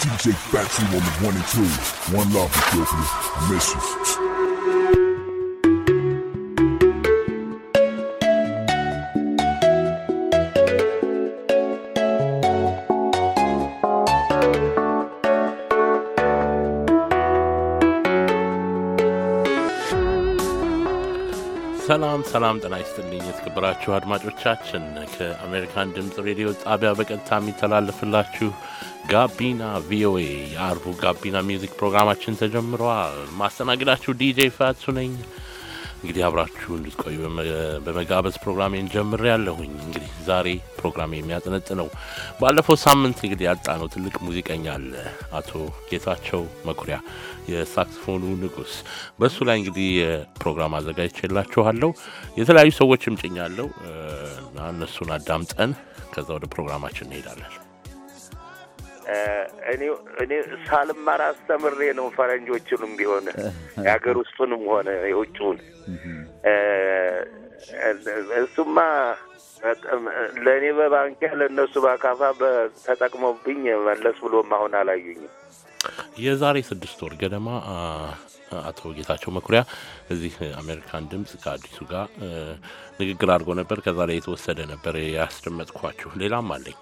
DJ Factory on the one and two. One love, you, I miss you. ሰላም ሰላም፣ ጤና ይስጥልኝ የተከበራችሁ አድማጮቻችን ከአሜሪካን ድምፅ ሬዲዮ ጣቢያ በቀጥታ የሚተላለፍላችሁ ጋቢና ቪኦኤ የአርቡ ጋቢና ሚውዚክ ፕሮግራማችን ተጀምረዋል። ማስተናግዳችሁ ዲጄ ፋሱ ነኝ። እንግዲህ አብራችሁ እንድትቆዩ በመጋበዝ ፕሮግራሜን ጀምር ያለሁኝ። እንግዲህ ዛሬ ፕሮግራሜ ነው። ባለፈው ሳምንት እንግዲህ ያጣነው ትልቅ ሙዚቀኛ አለ፣ አቶ ጌታቸው መኩሪያ የሳክስፎኑ ንጉስ በእሱ ላይ እንግዲህ ፕሮግራም አዘጋጅችላችኋለሁ የተለያዩ ሰዎችም ጭኛለሁ እና እነሱን አዳምጠን ከዛ ወደ ፕሮግራማችን እንሄዳለን። እኔ ሳልማር አስተምሬ ነው ፈረንጆችንም ቢሆን የሀገር ውስጡንም ሆነ የውጭውን እሱማ ለእኔ በባንኪያ ለእነሱ በአካፋ ተጠቅመብኝ መለስ ብሎም አሁን አላዩኝም። የዛሬ ስድስት ወር ገደማ አቶ ጌታቸው መኩሪያ እዚህ አሜሪካን ድምፅ ከአዲሱ ጋር ንግግር አድርጎ ነበር። ከዛ ላይ የተወሰደ ነበር ያስደመጥኳችሁ። ሌላም አለኝ።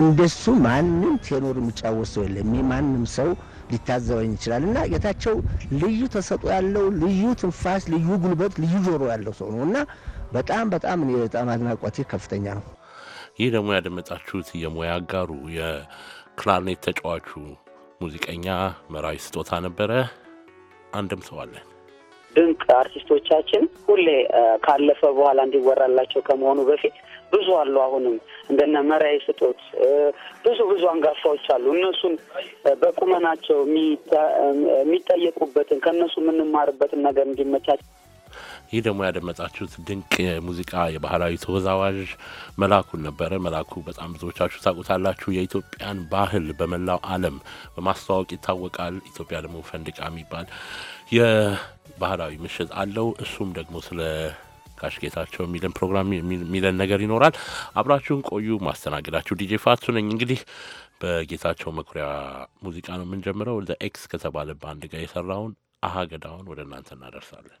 እንደሱ ማንም ቴኖር የሚጫወት ሰው የለም። ማንም ሰው ሊታዘበኝ ይችላል እና ጌታቸው ልዩ ተሰጦ ያለው ልዩ ትንፋስ ልዩ ጉልበት፣ ልዩ ጆሮ ያለው ሰው ነው እና በጣም በጣም እኔ በጣም አድናቆቴ ከፍተኛ ነው። ይህ ደግሞ ያደመጣችሁት የሙያ አጋሩ የክላርኔት ተጫዋቹ ሙዚቀኛ መራዊ ስጦታ ነበረ። አንድም ሰው አለን ድንቅ አርቲስቶቻችን ሁሌ ካለፈ በኋላ እንዲወራላቸው ከመሆኑ በፊት ብዙ አሉ። አሁንም እንደነ መሪያ ስጦት ብዙ ብዙ አንጋፋዎች አሉ። እነሱን በቁመናቸው የሚጠየቁበትን ከእነሱ የምንማርበትን ነገር እንዲመቻች ይህ ደግሞ ያደመጣችሁት ድንቅ የሙዚቃ የባህላዊ ተወዛዋዥ መላኩን ነበረ። መላኩ በጣም ብዙዎቻችሁ ታውቁታላችሁ። የኢትዮጵያን ባህል በመላው ዓለም በማስተዋወቅ ይታወቃል። ኢትዮጵያ ደግሞ ፈንድቃ የሚባል የባህላዊ ምሽት አለው። እሱም ደግሞ ስለ ጋሽ ጌታቸው የሚለን ፕሮግራም የሚለን ነገር ይኖራል። አብራችሁን ቆዩ። ማስተናገዳችሁ ዲጄ ፋቱ ነኝ። እንግዲህ በጌታቸው መኩሪያ ሙዚቃ ነው የምንጀምረው። ዘ ኤክስ ከተባለ በአንድ ጋር የሰራውን አሀገዳውን ወደ እናንተ እናደርሳለን።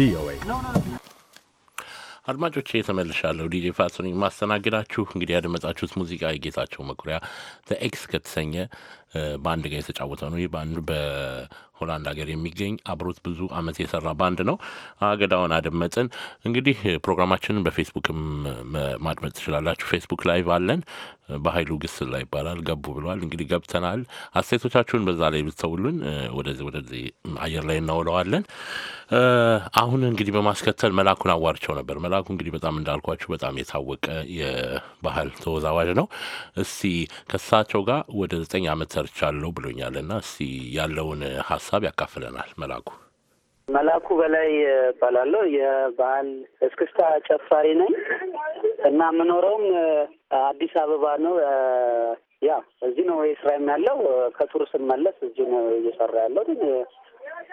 ቪኦኤ። አድማጮቼ የተመልሻለሁ ዲጄ ፋሶኒ ማስተናግዳችሁ እንግዲህ ያደመጣችሁት ሙዚቃ የጌታቸው መኩሪያ ዘኤክስ ከተሰኘ በአንድ ጋር የተጫወተ ነው። ይህ በአንድ በ ሆላንድ ሀገር የሚገኝ አብሮት ብዙ ዓመት የሰራ ባንድ ነው። አገዳውን አደመጥን። እንግዲህ ፕሮግራማችንን በፌስቡክም ማድመጥ ትችላላችሁ። ፌስቡክ ላይቭ አለን። በሀይሉ ላይ ይባላል። ገቡ ብለዋል። እንግዲህ ገብተናል። አስተያየቶቻችሁን በዛ ላይ ብትሰውሉን ወደዚህ ወደዚህ አየር ላይ እናውለዋለን። አሁን እንግዲህ በማስከተል መላኩን አዋርቸው ነበር። መላኩ እንግዲህ በጣም እንዳልኳችሁ በጣም የታወቀ የባህል ተወዛዋዥ ነው። እስቲ ከሳቸው ጋር ወደ ዘጠኝ አመት ሰርቻለሁ ብሎኛልና እስቲ ያለውን ሀሳብ ሀሳብ ያካፍለናል። መላኩ መላኩ በላይ እባላለሁ። የባህል እስክስታ ጨፋሪ ነኝ እና የምኖረውም አዲስ አበባ ነው። ያ እዚህ ነው ስራም ያለው። ከቱር ስመለስ እዚህ ነው እየሰራ ያለው። ግን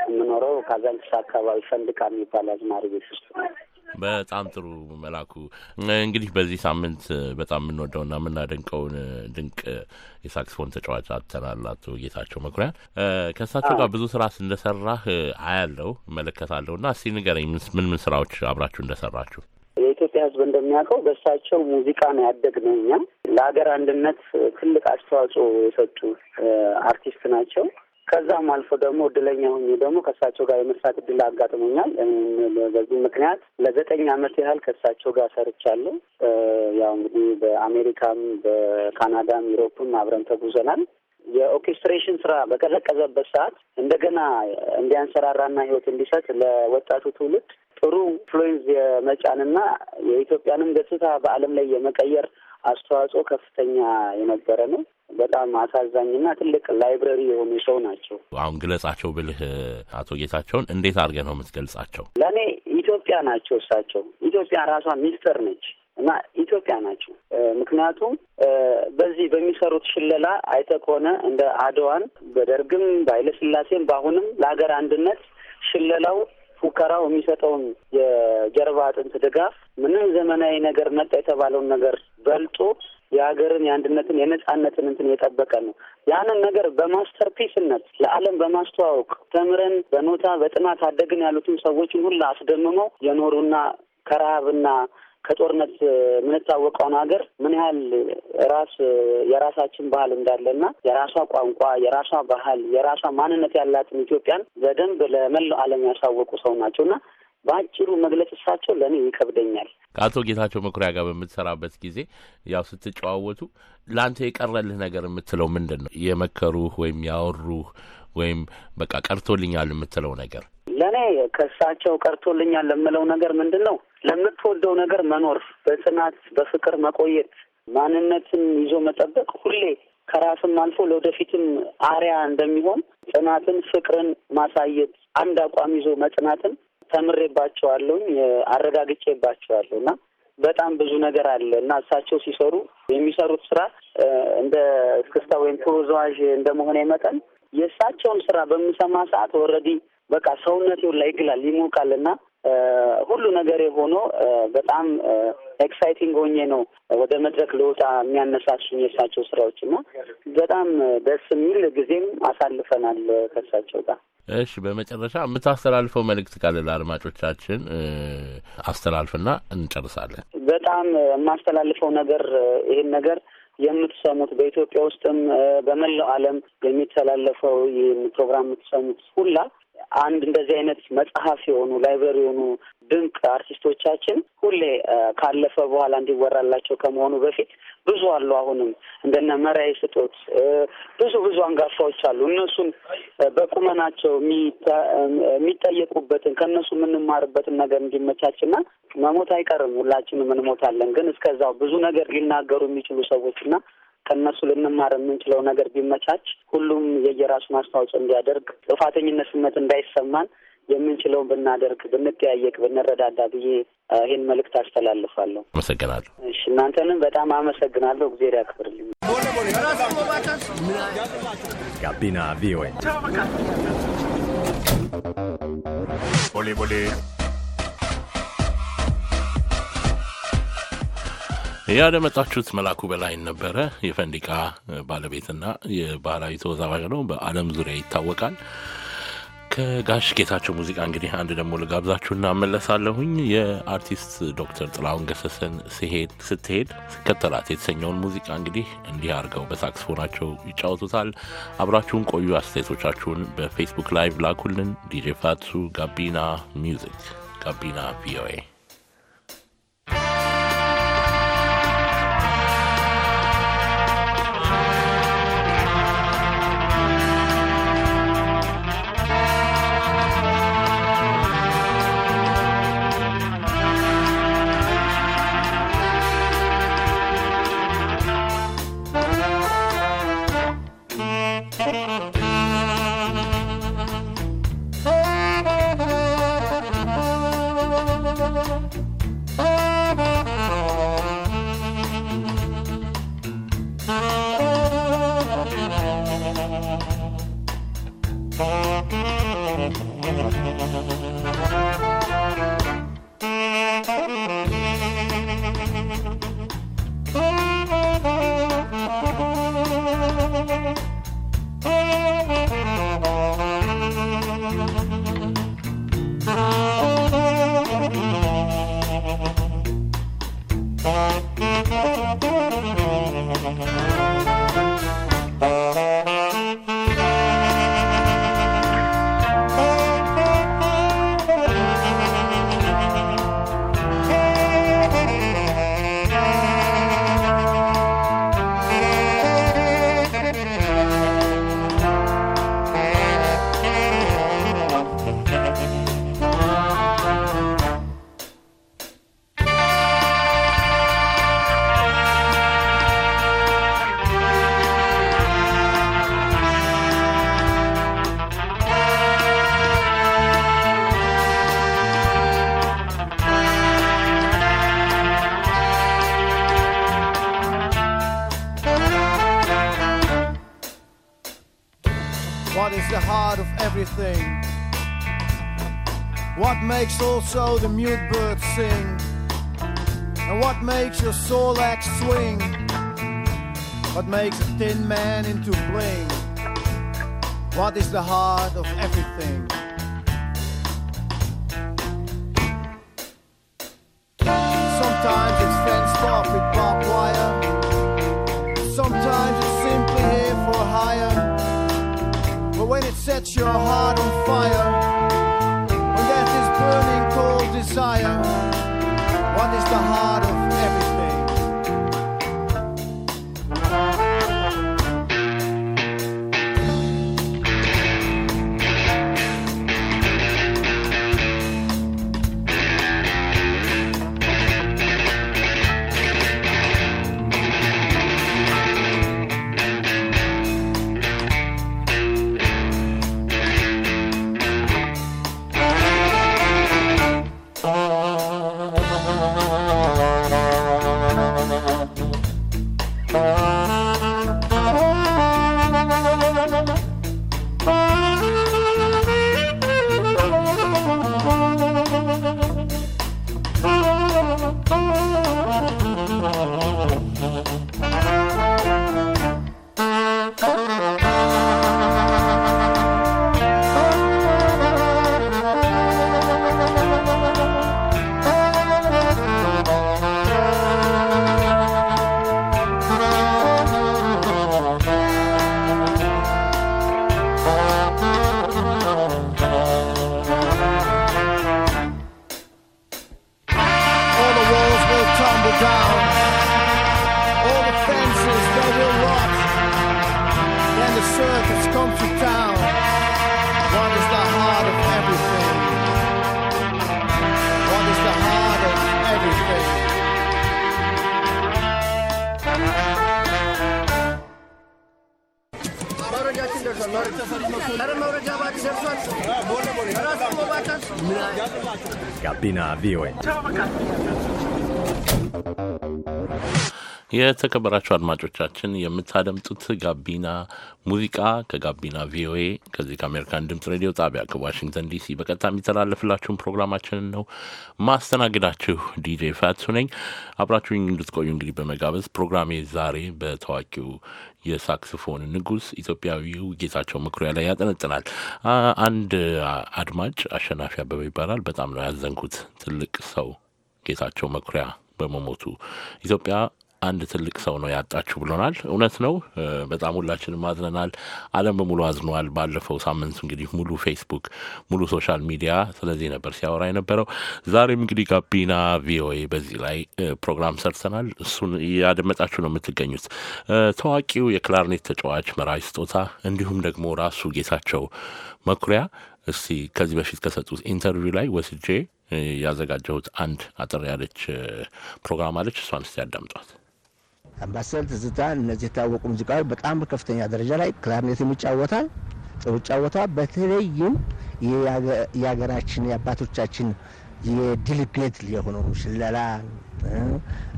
የምኖረው ካዛንቺስ አካባቢ ፈንድቃ የሚባል አዝማሪ ቤት ውስጥ ነው። በጣም ጥሩ መላኩ። እንግዲህ በዚህ ሳምንት በጣም የምንወደውና የምናደንቀውን ድንቅ የሳክስፎን ተጫዋች አጥተናል፣ አቶ ጌታቸው መኩሪያ ከእሳቸው ጋር ብዙ ስራ እንደሰራህ አያለው እመለከታለሁ። እና እስቲ ንገረኝ ምን ምን ስራዎች አብራችሁ እንደሰራችሁ። የኢትዮጵያ ሕዝብ እንደሚያውቀው በእሳቸው ሙዚቃ ነው ያደግነው እኛ። ለሀገር አንድነት ትልቅ አስተዋጽኦ የሰጡ አርቲስት ናቸው። ከዛም አልፎ ደግሞ እድለኛ ሆኜ ደግሞ ከእሳቸው ጋር የመስራት እድል አጋጥሞኛል። በዚህ ምክንያት ለዘጠኝ ዓመት ያህል ከእሳቸው ጋር ሰርቻለሁ። ያው እንግዲህ በአሜሪካም፣ በካናዳም፣ ዩሮፕም አብረን ተጉዘናል። የኦርኬስትሬሽን ስራ በቀዘቀዘበት ሰዓት እንደገና እንዲያንሰራራና ህይወት እንዲሰጥ ለወጣቱ ትውልድ ጥሩ ኢንፍሉዌንስ የመጫንና የኢትዮጵያንም ገጽታ በዓለም ላይ የመቀየር አስተዋጽኦ ከፍተኛ የነበረ ነው። በጣም አሳዛኝና ትልቅ ላይብረሪ የሆኑ ሰው ናቸው። አሁን ግለጻቸው ብልህ አቶ ጌታቸውን እንዴት አድርገህ ነው የምትገልጻቸው? ለእኔ ኢትዮጵያ ናቸው እሳቸው። ኢትዮጵያ ራሷ ሚስጥር ነች እና ኢትዮጵያ ናቸው። ምክንያቱም በዚህ በሚሰሩት ሽለላ አይተህ ከሆነ እንደ አድዋን በደርግም በኃይለሥላሴም በአሁንም ለሀገር አንድነት ሽለላው ፉከራው የሚሰጠውን የጀርባ አጥንት ድጋፍ ምንም ዘመናዊ ነገር መጣ የተባለውን ነገር በልጦ የሀገርን የአንድነትን የነጻነትን እንትን የጠበቀ ነው። ያንን ነገር በማስተርፒስነት ለዓለም በማስተዋወቅ ተምረን በኖታ በጥናት አደግን ያሉትን ሰዎችን ሁሉ አስደምመው የኖሩና ከረሃብና ከጦርነት የምንታወቀውን ሀገር ምን ያህል ራስ የራሳችን ባህል እንዳለና የራሷ ቋንቋ፣ የራሷ ባህል፣ የራሷ ማንነት ያላትን ኢትዮጵያን በደንብ ለመላው ዓለም ያሳወቁ ሰው ናቸው እና በአጭሩ መግለጽ እሳቸው ለእኔ ይከብደኛል። ከአቶ ጌታቸው መኩሪያ ጋር በምትሰራበት ጊዜ ያው ስትጨዋወቱ ለአንተ የቀረልህ ነገር የምትለው ምንድን ነው? የመከሩህ ወይም ያወሩህ ወይም በቃ ቀርቶልኛል የምትለው ነገር? ለእኔ ከእሳቸው ቀርቶልኛል ለምለው ነገር ምንድን ነው? ለምትወደው ነገር መኖር፣ በጽናት በፍቅር መቆየት፣ ማንነትን ይዞ መጠበቅ ሁሌ ከራስም አልፎ ለወደፊትም አሪያ እንደሚሆን ጽናትን፣ ፍቅርን ማሳየት፣ አንድ አቋም ይዞ መጽናትን ተምሬባቸዋለሁኝ አረጋግጬባቸዋለሁ እና በጣም ብዙ ነገር አለ እና እሳቸው ሲሰሩ የሚሰሩት ስራ እንደ እስክስታ ወይም ተወዛዋዥ እንደመሆነ መጠን የእሳቸውን ስራ በምሰማ ሰዓት ወረዲ በቃ ሰውነቴው ላይ ይግላል ይሞቃል እና ሁሉ ነገር የሆኖ በጣም ኤክሳይቲንግ ሆኜ ነው ወደ መድረክ ልወጣ የሚያነሳሱኝ የእሳቸው ስራዎች እና በጣም ደስ የሚል ጊዜም አሳልፈናል ከእሳቸው ጋር። እሺ በመጨረሻ የምታስተላልፈው መልእክት ካለ ለአድማጮቻችን አስተላልፍና እንጨርሳለን። በጣም የማስተላልፈው ነገር ይህን ነገር የምትሰሙት በኢትዮጵያ ውስጥም በመላው ዓለም የሚተላለፈው ይህን ፕሮግራም የምትሰሙት ሁላ አንድ እንደዚህ አይነት መጽሐፍ የሆኑ ላይብረሪ የሆኑ ድንቅ አርቲስቶቻችን ሁሌ ካለፈ በኋላ እንዲወራላቸው ከመሆኑ በፊት ብዙ አሉ። አሁንም እንደነ መራዊ ስጦት ብዙ ብዙ አንጋፋዎች አሉ። እነሱን በቁመናቸው የሚጠየቁበትን ከእነሱ የምንማርበትን ነገር እንዲመቻችና መሞት አይቀርም፣ ሁላችንም እንሞታለን። ግን እስከዛው ብዙ ነገር ሊናገሩ የሚችሉ ሰዎችና ከእነሱ ልንማር የምንችለው ነገር ቢመቻች ሁሉም የየራሱን አስተዋጽኦ እንዲያደርግ፣ ጥፋተኝነት ስሜት እንዳይሰማን የምንችለውን ብናደርግ፣ ብንጠያየቅ፣ ብንረዳዳ ብዬ ይህን መልእክት አስተላልፋለሁ። አመሰግናለሁ። እሺ እናንተንም በጣም አመሰግናለሁ። እግዜር ያክብርልኝ። ጋቢና ቪኦኤ ቦሌ ቦሌ ያደመጣችሁት መላኩ በላይን ነበረ። የፈንዲቃ ባለቤትና የባህላዊ ተወዛዋዥ ነው፣ በአለም ዙሪያ ይታወቃል። ከጋሽ ጌታቸው ሙዚቃ እንግዲህ አንድ ደግሞ ልጋብዛችሁ እናመለሳለሁኝ። የአርቲስት ዶክተር ጥላሁን ገሰሰን ሲሄድ ስትሄድ ከተላት የተሰኘውን ሙዚቃ እንግዲህ እንዲህ አድርገው በሳክስፎናቸው ይጫወቱታል። አብራችሁን ቆዩ። አስተያየቶቻችሁን በፌስቡክ ላይቭ ላኩልን። ዲጄ ፋቱ ጋቢና ሚዚክ ጋቢና ቪኦኤ heart of everything. What makes also the mute bird sing? And what makes your soul axe swing? What makes a thin man into bling? What is the heart of everything? Sometimes set your heart on fire. When death is burning cold desire, what is the heart of የተከበራችሁ አድማጮቻችን የምታደምጡት ጋቢና ሙዚቃ ከጋቢና ቪኦኤ ከዚህ ከአሜሪካን ድምፅ ሬዲዮ ጣቢያ ከዋሽንግተን ዲሲ በቀጥታ የሚተላለፍላችሁን ፕሮግራማችንን ነው ማስተናግዳችሁ ዲጄ ፋቱ ነኝ። አብራችሁኝ እንድትቆዩ እንግዲህ በመጋበዝ ፕሮግራሜ ዛሬ በታዋቂው የሳክስፎን ንጉስ ኢትዮጵያዊው ጌታቸው መኩሪያ ላይ ያጠነጥናል። አንድ አድማጭ አሸናፊ አበበ ይባላል። በጣም ነው ያዘንኩት። ትልቅ ሰው ጌታቸው መኩሪያ በመሞቱ ኢትዮጵያ አንድ ትልቅ ሰው ነው ያጣችሁ ብሎናል። እውነት ነው። በጣም ሁላችንም አዝነናል። ዓለም በሙሉ አዝኗል። ባለፈው ሳምንት እንግዲህ ሙሉ ፌስቡክ፣ ሙሉ ሶሻል ሚዲያ ስለዚህ ነበር ሲያወራ የነበረው። ዛሬም እንግዲህ ጋቢና ቪኦኤ በዚህ ላይ ፕሮግራም ሰርተናል። እሱን እያደመጣችሁ ነው የምትገኙት። ታዋቂው የክላርኔት ተጫዋች መራዊ ስጦታ እንዲሁም ደግሞ ራሱ ጌታቸው መኩሪያ እስቲ ከዚህ በፊት ከሰጡት ኢንተርቪው ላይ ወስጄ ያዘጋጀሁት አንድ አጠር ያለች ፕሮግራም አለች። እሷን እስቲ ያዳምጧት። አምባሰል፣ ትዝታ እነዚህ የታወቁ ሙዚቃዎች በጣም በከፍተኛ ደረጃ ላይ ክላርኔትም ይጫወታል፣ ጥሩ ይጫወታል። በተለይም የሀገራችን የአባቶቻችን የድልቤት የሆኑ ሽለላ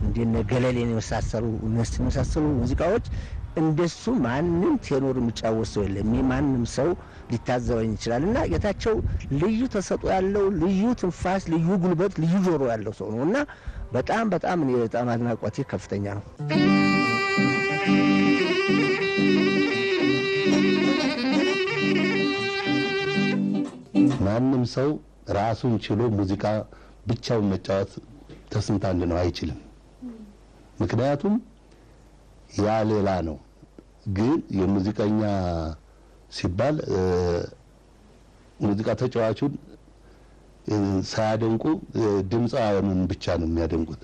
እንደነ ገለሌን የመሳሰሉ እነሱ የመሳሰሉ ሙዚቃዎች እንደሱ ማንም ቴኖር የሚጫወት ሰው የለም። ማንም ሰው ሊታዘበኝ ይችላል። እና ጌታቸው ልዩ ተሰጦ ያለው ልዩ ትንፋስ ልዩ ጉልበት፣ ልዩ ጆሮ ያለው ሰው ነው እና በጣም በጣም እኔ በጣም አድናቆቴ ከፍተኛ ነው። ማንም ሰው ራሱን ችሎ ሙዚቃ ብቻውን መጫወት ተስንታል ነው አይችልም። ምክንያቱም ያ ሌላ ነው። ግን የሙዚቀኛ ሲባል ሙዚቃ ተጫዋቹን ሳያደንቁ ድምፃውያኑን ብቻ ነው የሚያደንቁት።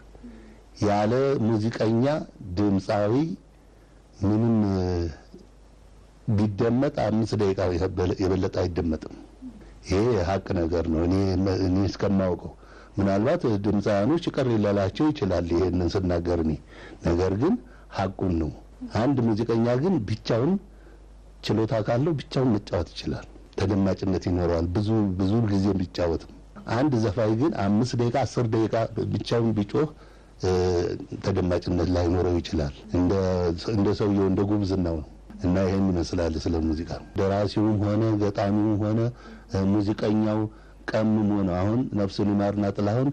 ያለ ሙዚቀኛ ድምፃዊ ምንም ቢደመጥ አምስት ደቂቃ የበለጠ አይደመጥም። ይሄ ሀቅ ነገር ነው። እኔ እስከማውቀው ምናልባት ድምፃውያኖች ቅር ሊላላቸው ይችላል ይሄንን ስናገር እኔ ነገር ግን ሀቁን ነው። አንድ ሙዚቀኛ ግን ብቻውን ችሎታ ካለው ብቻውን መጫወት ይችላል፣ ተደማጭነት ይኖረዋል። ብዙ ብዙ ጊዜ ቢጫወትም አንድ ዘፋኝ ግን አምስት ደቂቃ አስር ደቂቃ ብቻውን ቢጮህ ተደማጭነት ላይኖረው ይችላል። እንደ ሰውየው እንደ ጉብዝናው ነው እና ይህን ይመስላል ስለ ሙዚቃ ደራሲውም ሆነ ገጣሚውም ሆነ ሙዚቀኛው ቀምሞ ነው። አሁን ነፍሱን ይማርና ጥላሁን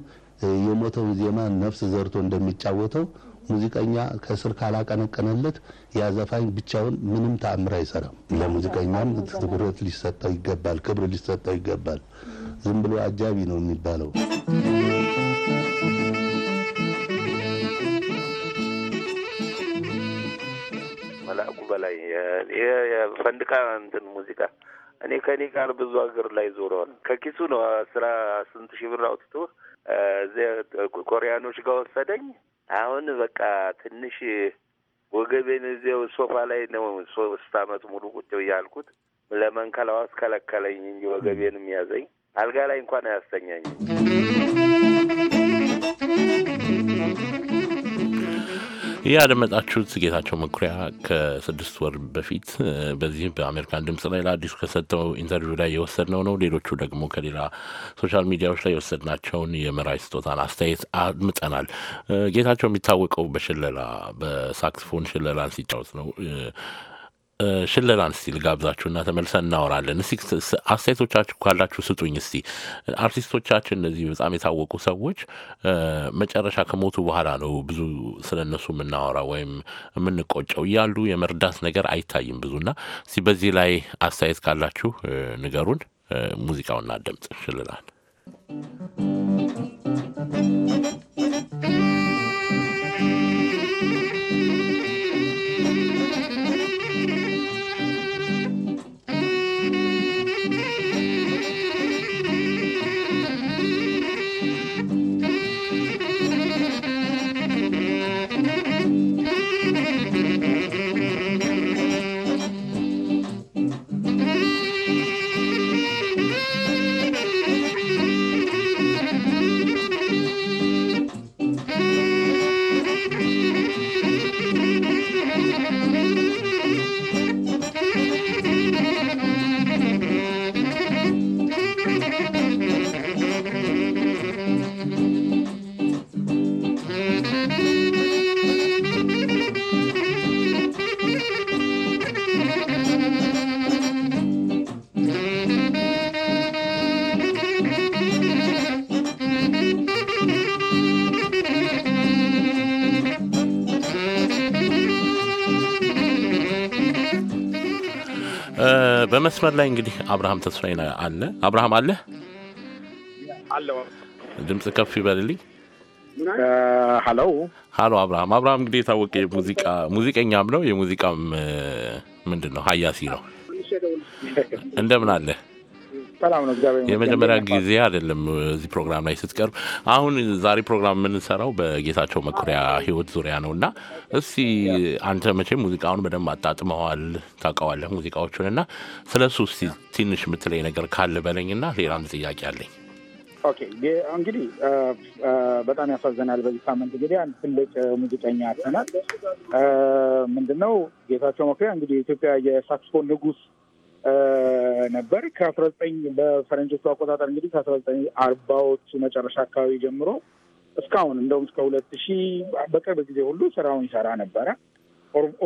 የሞተውን ዜማ ነፍስ ዘርቶ እንደሚጫወተው ሙዚቀኛ ከስር ካላቀነቀነለት ያ ዘፋኝ ብቻውን ምንም ተአምር አይሰራም። ለሙዚቀኛም ትኩረት ሊሰጠው ይገባል፣ ክብር ሊሰጠው ይገባል። ዝም ብሎ አጃቢ ነው የሚባለው። መላኩ በላይ የፈንድቃ እንትን ሙዚቃ እኔ ከኔ ጋር ብዙ ሀገር ላይ ዞረዋል። ከኪሱ ነው ስራ ስንት ሺህ ብር አውጥቶ ኮሪያኖች ጋር ወሰደኝ። አሁን በቃ ትንሽ ወገቤን እዚያው ሶፋ ላይ ነው ሶስት አመት ሙሉ ቁጭ ብያልኩት። ለመንከላዋስ ከለከለኝ እንጂ ወገቤን የሚያዘኝ አልጋ ላይ እንኳን አያስተኛኝም። ይህ ያደመጣችሁት ጌታቸው መኩሪያ ከስድስት ወር በፊት በዚህ በአሜሪካን ድምጽ ላይ ለአዲሱ ከሰጠው ኢንተርቪው ላይ የወሰድነው ነው። ሌሎቹ ደግሞ ከሌላ ሶሻል ሚዲያዎች ላይ የወሰድናቸውን የመራዊ ስጦታን አስተያየት አድምጠናል። ጌታቸው የሚታወቀው በሽለላ በሳክስፎን ሽለላን ሲጫወት ነው። ሽለላን እስቲ እና ተመልሰን እናወራለን። እስቲ አስተያየቶቻችሁ ካላችሁ ስጡኝ። እስቲ አርቲስቶቻችን እነዚህ በጣም የታወቁ ሰዎች መጨረሻ ከሞቱ በኋላ ነው ብዙ ስለ እነሱ የምናወራው ወይም የምንቆጨው፣ እያሉ የመርዳት ነገር አይታይም ብዙና እስቲ በዚህ ላይ አስተያየት ካላችሁ ንገሩን። ሙዚቃውን እናዳምጥ። ሽልላን በመስመር ላይ እንግዲህ አብርሃም ተስፋዬ አለ። አብርሃም አለህ? ድምፅ ከፍ ይበልልኝ። ሀሎ ሀሎ፣ አብርሃም አብርሃም፣ እንግዲህ የታወቀ ሙዚቃ ሙዚቀኛም ነው የሙዚቃም ምንድን ነው ሀያሲ ነው። እንደምን አለ? የመጀመሪያ ጊዜ አይደለም እዚህ ፕሮግራም ላይ ስትቀርብ። አሁን ዛሬ ፕሮግራም የምንሰራው በጌታቸው መኩሪያ ህይወት ዙሪያ ነው እና እስቲ አንተ መቼም ሙዚቃውን በደንብ አጣጥመዋል፣ ታውቀዋለህ ሙዚቃዎቹን እና ስለ እሱ ትንሽ የምትለኝ ነገር ካለ በለኝ እና ሌላ ጥያቄ አለኝ። ኦኬ እንግዲህ በጣም ያሳዝናል። በዚህ ሳምንት እንግዲህ አንድ ትልቅ ሙዚቀኛ አጥተናል። ምንድነው ጌታቸው መኩሪያ እንግዲህ የኢትዮጵያ የሳክስፎን ንጉስ ነበር። ከአስራ ዘጠኝ በፈረንጆቹ አቆጣጠር እንግዲህ ከአስራ ዘጠኝ አርባዎቹ መጨረሻ አካባቢ ጀምሮ እስካሁን እንደውም እስከ ሁለት ሺህ በቅርብ ጊዜ ሁሉ ስራውን ይሰራ ነበረ።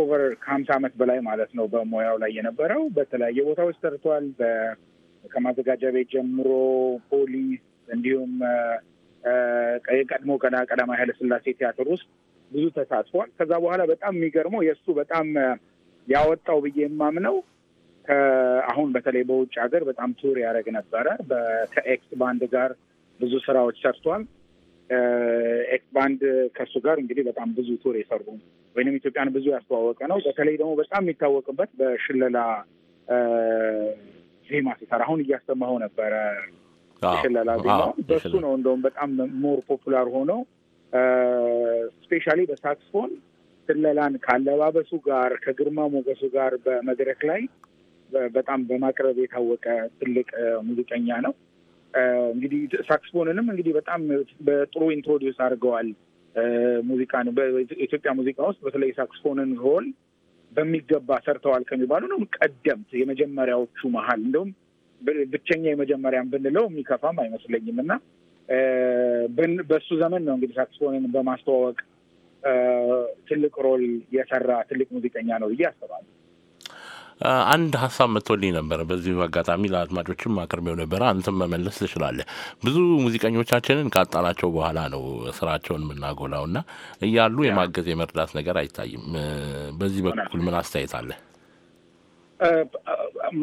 ኦቨር ከሀምሳ ዓመት በላይ ማለት ነው በሙያው ላይ የነበረው በተለያየ ቦታዎች ሰርቷል። ከማዘጋጃ ቤት ጀምሮ ፖሊስ እንዲሁም የቀድሞ ቀዳማዊ ኃይለሥላሴ ቲያትር ውስጥ ብዙ ተሳትፏል። ከዛ በኋላ በጣም የሚገርመው የእሱ በጣም ያወጣው ብዬ የማምነው አሁን በተለይ በውጭ ሀገር በጣም ቱር ያደረግ ነበረ። ከኤክስ ባንድ ጋር ብዙ ስራዎች ሰርቷል። ኤክስ ባንድ ከእሱ ጋር እንግዲህ በጣም ብዙ ቱር የሰሩ ወይም ኢትዮጵያን ብዙ ያስተዋወቀ ነው። በተለይ ደግሞ በጣም የሚታወቅበት በሽለላ ዜማ ሲሰራ አሁን እያሰማኸው ነበረ የሽለላ ዜማ በሱ ነው እንደውም በጣም ሞር ፖፑላር ሆኖ ስፔሻሊ በሳክስፎን ስለላን ካለባበሱ ጋር ከግርማ ሞገሱ ጋር በመድረክ ላይ በጣም በማቅረብ የታወቀ ትልቅ ሙዚቀኛ ነው። እንግዲህ ሳክስፎንንም እንግዲህ በጣም በጥሩ ኢንትሮዲውስ አድርገዋል። ሙዚቃን በኢትዮጵያ ሙዚቃ ውስጥ በተለይ ሳክስፎንን ሮል በሚገባ ሰርተዋል ከሚባሉ ነው ቀደምት የመጀመሪያዎቹ መሀል እንደውም ብቸኛ የመጀመሪያም ብንለው የሚከፋም አይመስለኝም እና በሱ ዘመን ነው እንግዲህ ሳክስፎንን በማስተዋወቅ ትልቅ ሮል የሰራ ትልቅ ሙዚቀኛ ነው ብዬ አስባለሁ። አንድ ሀሳብ መጥቶልኝ ነበረ። በዚህ አጋጣሚ ለአድማጮችም አቅርቤው ነበረ። አንተም መመለስ ትችላለህ። ብዙ ሙዚቀኞቻችንን ካጣናቸው በኋላ ነው ስራቸውን የምናጎላው እና እያሉ የማገዝ የመርዳት ነገር አይታይም። በዚህ በኩል ምን አስተያየት አለ?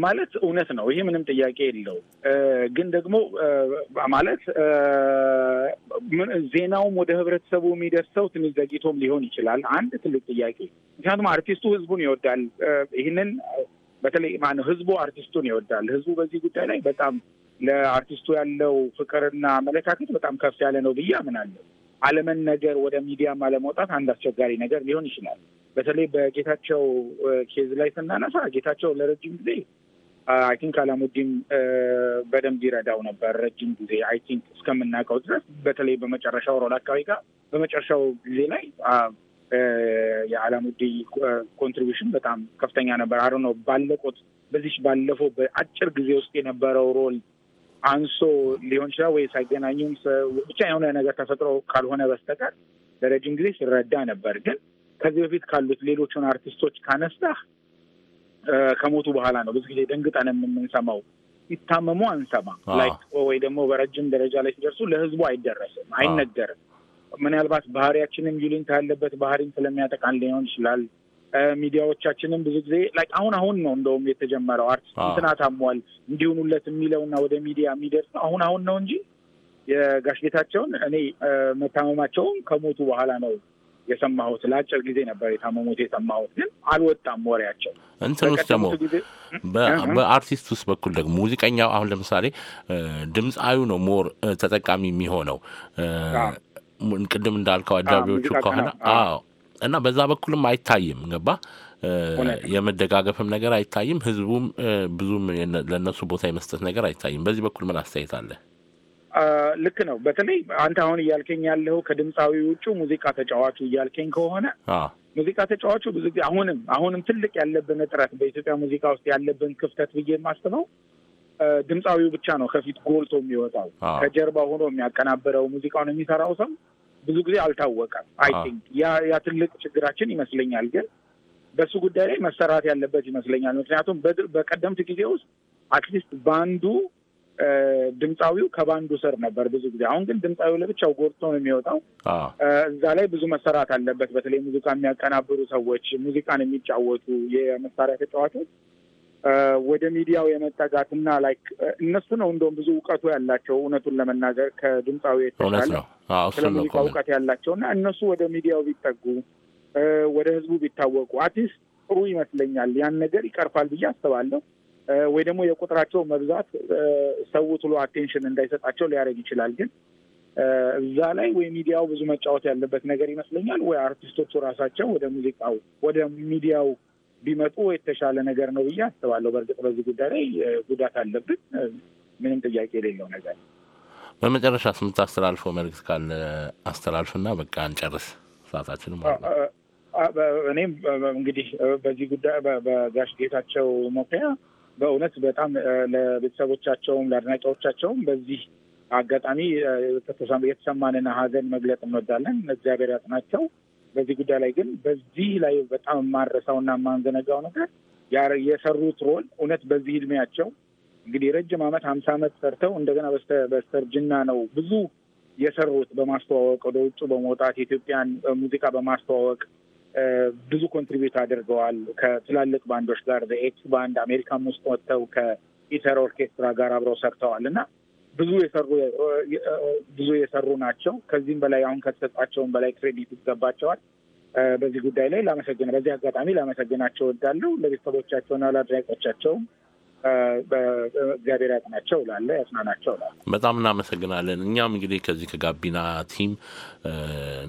ማለት እውነት ነው። ይሄ ምንም ጥያቄ የለው። ግን ደግሞ ማለት ዜናውም ወደ ህብረተሰቡ የሚደርሰው ትንሽ ዘግይቶም ሊሆን ይችላል። አንድ ትልቅ ጥያቄ። ምክንያቱም አርቲስቱ ህዝቡን ይወዳል። ይህንን በተለይ ማነው ህዝቡ አርቲስቱን ይወዳል። ህዝቡ በዚህ ጉዳይ ላይ በጣም ለአርቲስቱ ያለው ፍቅርና አመለካከት በጣም ከፍ ያለ ነው ብዬ አምናለሁ። አለመን ነገር ወደ ሚዲያም አለመውጣት አንድ አስቸጋሪ ነገር ሊሆን ይችላል። በተለይ በጌታቸው ኬዝ ላይ ስናነሳ ጌታቸው ለረጅም ጊዜ አይ ቲንክ አላሙዲን በደንብ ይረዳው ነበር ረጅም ጊዜ አይ ቲንክ እስከምናውቀው ድረስ በተለይ በመጨረሻው ሮል አካባቢ ጋር በመጨረሻው ጊዜ ላይ የአላሙዲ ኮንትሪቢሽን በጣም ከፍተኛ ነበር። አሮ ነው ባለቆት በዚች ባለፈው በአጭር ጊዜ ውስጥ የነበረው ሮል አንሶ ሊሆን ይችላል ወይ ሳይገናኙም ብቻ የሆነ ነገር ተፈጥሮ ካልሆነ በስተቀር ለረጅም ጊዜ ሲረዳ ነበር። ግን ከዚህ በፊት ካሉት ሌሎቹን አርቲስቶች ካነሳህ ከሞቱ በኋላ ነው ብዙ ጊዜ ደንግጠን የምንሰማው። ሲታመሙ አንሰማ ላይክ ወይ ደግሞ በረጅም ደረጃ ላይ ሲደርሱ ለህዝቡ አይደረስም፣ አይነገርም። ምናልባት ባህሪያችንም ዩሊንታ ያለበት ባህሪን ስለሚያጠቃን ሊሆን ይችላል። ሚዲያዎቻችንም ብዙ ጊዜ ላይክ አሁን አሁን ነው እንደውም የተጀመረው አርቲስት እንትና ታሟል እንዲሁኑለት የሚለውና ወደ ሚዲያ ነው አሁን አሁን ነው እንጂ የጋሽ ጌታቸውን እኔ መታመማቸውን ከሞቱ በኋላ ነው የሰማሁት ለአጭር ጊዜ ነበር የታመሙት የሰማሁት፣ ግን አልወጣም ወሬያቸው። እንትን ውስጥ ደግሞ በአርቲስት ውስጥ በኩል ደግሞ ሙዚቀኛው አሁን ለምሳሌ ድምፃዩ ነው ሞር ተጠቃሚ የሚሆነው ቅድም እንዳልከው አጃቢዎቹ ከሆነ አዎ እና በዛ በኩልም አይታይም ገባ የመደጋገፍም ነገር አይታይም። ህዝቡም ብዙም ለእነሱ ቦታ የመስጠት ነገር አይታይም። በዚህ በኩል ምን አስተያየት አለ? ልክ ነው። በተለይ አንተ አሁን እያልከኝ ያለው ከድምፃዊ ውጭ ሙዚቃ ተጫዋቹ እያልከኝ ከሆነ ሙዚቃ ተጫዋቹ ብዙ ጊዜ አሁንም አሁንም ትልቅ ያለብን እጥረት በኢትዮጵያ ሙዚቃ ውስጥ ያለብን ክፍተት ብዬ የማስበው ድምፃዊው ብቻ ነው ከፊት ጎልቶ የሚወጣው። ከጀርባ ሆኖ የሚያቀናበረው ሙዚቃውን የሚሰራው ሰው ብዙ ጊዜ አልታወቀም። አይ ቲንክ ያ ትልቅ ችግራችን ይመስለኛል። ግን በእሱ ጉዳይ ላይ መሰራት ያለበት ይመስለኛል። ምክንያቱም በቀደምት ጊዜ ውስጥ አትሊስት ባንዱ ድምፃዊው ከባንዱ ስር ነበር ብዙ ጊዜ። አሁን ግን ድምፃዊው ለብቻው ጎርቶ ነው የሚወጣው። እዛ ላይ ብዙ መሰራት አለበት። በተለይ ሙዚቃ የሚያቀናብሩ ሰዎች፣ ሙዚቃን የሚጫወቱ የመሳሪያ ተጫዋቾች ወደ ሚዲያው የመጠጋትና ላይክ እነሱ ነው እንደውም ብዙ እውቀቱ ያላቸው እውነቱን ለመናገር ከድምፃዊ የተሻለ እውቀት ያላቸው እና እነሱ ወደ ሚዲያው ቢጠጉ ወደ ህዝቡ ቢታወቁ አርቲስት ጥሩ ይመስለኛል። ያን ነገር ይቀርፋል ብዬ አስባለሁ። ወይ ደግሞ የቁጥራቸው መብዛት ሰው ትሎ አቴንሽን እንዳይሰጣቸው ሊያደርግ ይችላል። ግን እዛ ላይ ወይ ሚዲያው ብዙ መጫወት ያለበት ነገር ይመስለኛል፣ ወይ አርቲስቶቹ ራሳቸው ወደ ሙዚቃው ወደ ሚዲያው ቢመጡ የተሻለ ነገር ነው ብዬ አስባለሁ። በእርግጥ በዚህ ጉዳይ ላይ ጉዳት አለብን፣ ምንም ጥያቄ የሌለው ነገር። በመጨረሻ ስምት አስተላልፎ መልዕክት ካለ አስተላልፍና በቃ እንጨርስ ሰዓታችን እኔም እንግዲህ በዚህ ጉዳይ በጋሽ ጌታቸው መኩሪያ በእውነት በጣም ለቤተሰቦቻቸውም ለአድናቂዎቻቸውም በዚህ አጋጣሚ የተሰማንን ሀዘን መግለጽ እንወዳለን። እግዚአብሔር ያጽናቸው። በዚህ ጉዳይ ላይ ግን በዚህ ላይ በጣም የማረሳውና የማንዘነጋው ነገር የሰሩት ሮል እውነት በዚህ እድሜያቸው እንግዲህ ረጅም ዓመት ሀምሳ ዓመት ሰርተው እንደገና በስተርጅና ነው ብዙ የሰሩት በማስተዋወቅ ወደ ውጭ በመውጣት የኢትዮጵያን ሙዚቃ በማስተዋወቅ ብዙ ኮንትሪቢዩት አድርገዋል ከትላልቅ ባንዶች ጋር ኤክስ ባንድ አሜሪካም ውስጥ ወጥተው ከኢተር ኦርኬስትራ ጋር አብረው ሰርተዋል እና ብዙ የሰሩ ብዙ የሰሩ ናቸው። ከዚህም በላይ አሁን ከተሰጣቸውን በላይ ክሬዲት ይገባቸዋል። በዚህ ጉዳይ ላይ ላመሰግን በዚህ አጋጣሚ ላመሰግናቸው እወዳለሁ። ለቤተሰቦቻቸውና ለአድናቂዎቻቸውም በእግዚአብሔር ያጽናቸው ላለ ያጽናናቸው ላለ በጣም እናመሰግናለን። እኛም እንግዲህ ከዚህ ከጋቢና ቲም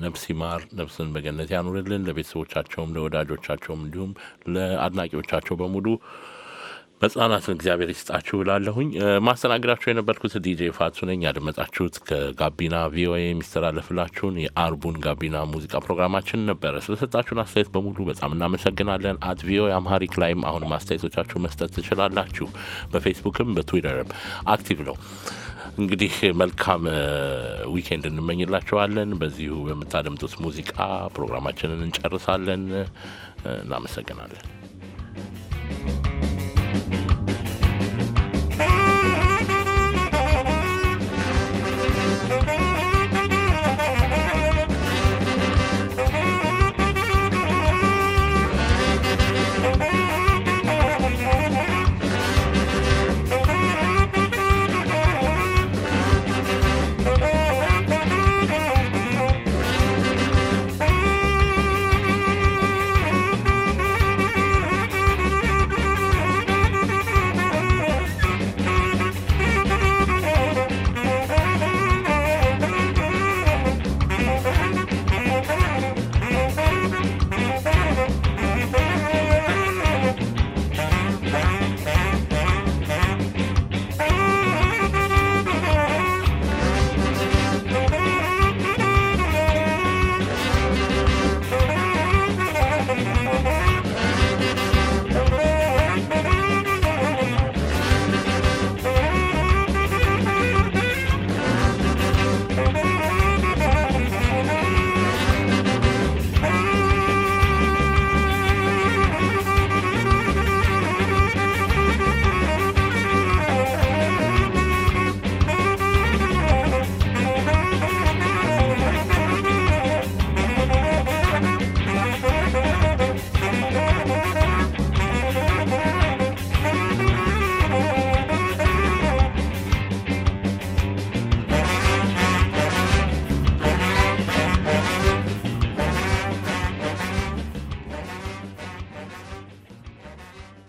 ነፍስ ይማር ነፍስን በገነት ያኑርልን። ለቤተሰቦቻቸውም ለወዳጆቻቸውም እንዲሁም ለአድናቂዎቻቸው በሙሉ መጽናናትን እግዚአብሔር ይስጣችሁ እላለሁኝ። ማስተናግዳችሁ የነበርኩት ዲጄ ፋቱ ነኝ። ያደመጣችሁት ከጋቢና ቪኦኤ የሚስተላለፍላችሁን የአርቡን ጋቢና ሙዚቃ ፕሮግራማችን ነበረ። ስለሰጣችሁን አስተያየት በሙሉ በጣም እናመሰግናለን። አት ቪኦኤ አምሃሪክ ላይም አሁን ማስተያየቶቻችሁ መስጠት ትችላላችሁ። በፌስቡክም በትዊተርም አክቲቭ ነው። እንግዲህ መልካም ዊኬንድ እንመኝላችኋለን። በዚሁ በምታደምጡት ሙዚቃ ፕሮግራማችንን እንጨርሳለን። እናመሰግናለን።